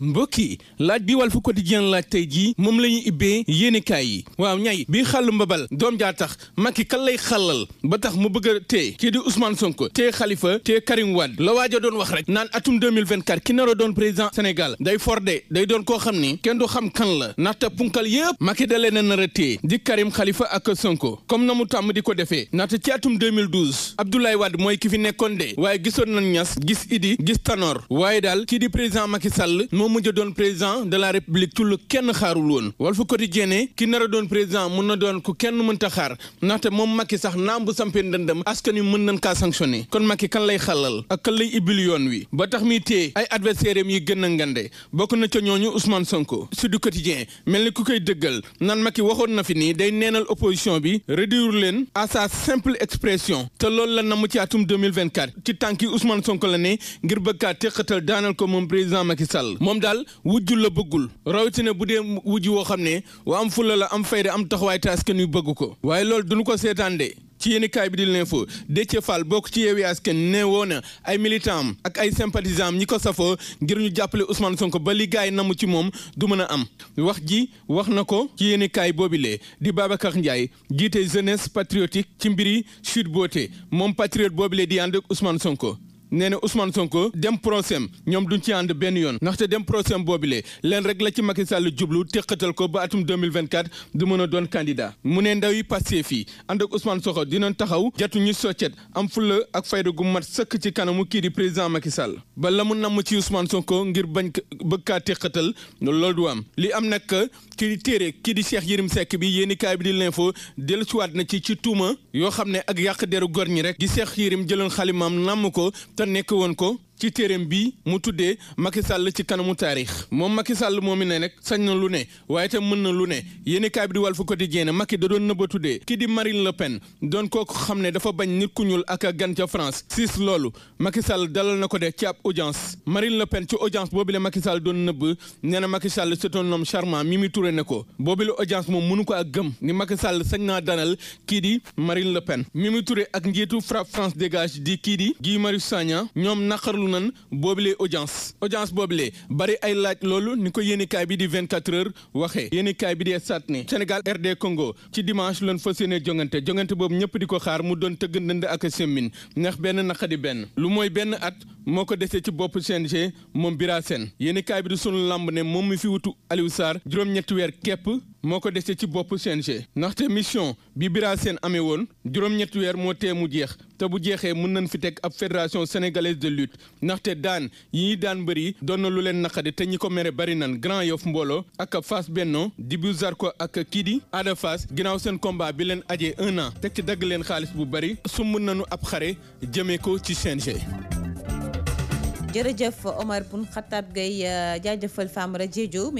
mbokk yi laaj bi Walf Quotidien laaj tey jii moom la ñuy ibbee yéenekaay yi waaw ñay bii xàll mbabal doom jaa tax Macky kan lay xàllal ba tax mu bëgg a téye kii di Ousmane Sonko téye xalifa téye Karim Wade la waaja doon wax rek naan atum 2024 ki naroo doon président Sénégal day forde day doon koo xam ni kenn du xam kan la naxta punkal yépp Macky da leen a nar a téye di Karim Khalifa ak Sonko comme na mu tàmm di ko defee naxta ci atum 2012 Abdoulaye Wade mooy ki fi nekkoon de waaye gisoon nañ Niass gis Idi gis Tanor waaye daal kii di président Macky Sall moo mujj doon président de la république ci kenn xaarul woon Walf Quotidien ne ki nar a doon président mun na doon ku kenn mënta xaar ndaxte moom Macky sax naam bu sampee ndëndëm askan wi mën nañ kaa sanctionné kon Macky kan lay xalal ak kan lay ibbil yoon wi ba tax mi tee ay adversaire yi gën a ngande bokk na ca ñooñu Ousmane Sonko su mel ni ku koy dëggal naan Macky waxoon na fi nii day neenal opposition bi réduire leen à sa simple expression la namu ci atum moom daal wujju la bëggul rawatina bu dee wujj woo xam ne wa am fulla la am fayda am taxawaay te askan wi bëgg ko waaye loolu duñu ko seetaan de ci yéeni kaay bi di l'info Déthié Fall bokk ci Yewwi Askan ne woon na ay militant am ak ay sympathisant am ñi ko safoo ngir ñu jàppale Ousmane Sonko ba li gaay namu ci moom du mën a am wax ji wax na ko ci yéeni kaay boobilee di Babacar Ndiaye jiite jeunesse patriotique ci mbiri Sweet Beauté moom patriote le di ànd ak Ousmane Sonko nee na Ousmane Sonko dem procès ñoom duñ ci ànd benn yoon ndaxte dem procès boobile leen rek la ci Macky Sall jublu teqatal ko ba atum 2024 du mën a doon candidat mu ne ndaw yi passé fii ànd ak Ousmane Sonko dinañ taxaw jatu ñu soccet am fulla ak fayda gu mat sëkk ci kanamu kii di président Macky Sall ba la mu namm ci Ousmane Sonko ngir bañ bëgg kaa teqatal loolu du am li am nag ki téere kii di Cheikh Yérim Seck bi yéeni kaay bi di l'info dellusiwaat na ci ci tuuma yoo xam ne ak yàq deru góor ñi rek di Cheikh Yérim jëloon xalimam namm ko nekk woon ko ci téeréem bi mu tuddee Macky Sall ci kanamu taarix moom Macky Sall moom mi ne nag sañ na lu ne waaye itam mën na lu ne yéeni kaay bi di Walf Quotidien Macky da doon nëbba tuddee kii di Marine Le Pen doon kooku xam ne dafa bañ nit ku ñuul ak a gan ca France siis loolu Macky Sall dalal na ko de ci ab audience Marine Le Pen ci audience boobu la Macky Sall doon nëbb nee na Macky Sall c'est un homme charmant Mimi Touré ne ko boobu la audience moom mënu ko ak gëm ni Macky Sall sañ naa danal kii di Marine Le Pen Mimi Touré ak njiitu FRAPP dégage di kii di Guy Marius déglu nan boobilee audience audience boobilee bari ay laaj loolu ni ko yéenekaay bi di 24 heures waxee yéenekaay bi di sat ni Sénégal RD Congo ci dimanche lan fa yéene jongante jongante boobu ñëpp di ko xaar mu doon tëgg ndënd ak semmin ndax benn naqadi benn lu mooy benn at moo ko desee ci bopp CNG moom Bira Sène yéenekaay bi di sunu làmb ne moom mi fi wutu Aliou Sarr juróom-ñetti weer kepp moo ko desee ci bopp CNG ndaxte mission bi Bira seen amee woon juróom-ñetti weer moo tee mu jeex te bu jeexee mën nañ fi teg ab fédération sénégalaise de lutte ndaxte daan yi daan bëri doon na lu leen naqadi te ñi ko mere bari nan Grand Yoff mbooloo ak Fass Benno Dibu Zarko ak kii di Ada Fass ginnaaw seen combat bi leen ajee un an teg ci dagg leen xaalis bu bari sumb nañu ab xare jëmee ko ci CNG. jërëjëf Omar Bun Xattaab Gueye jaajëfal Famara Diédhiou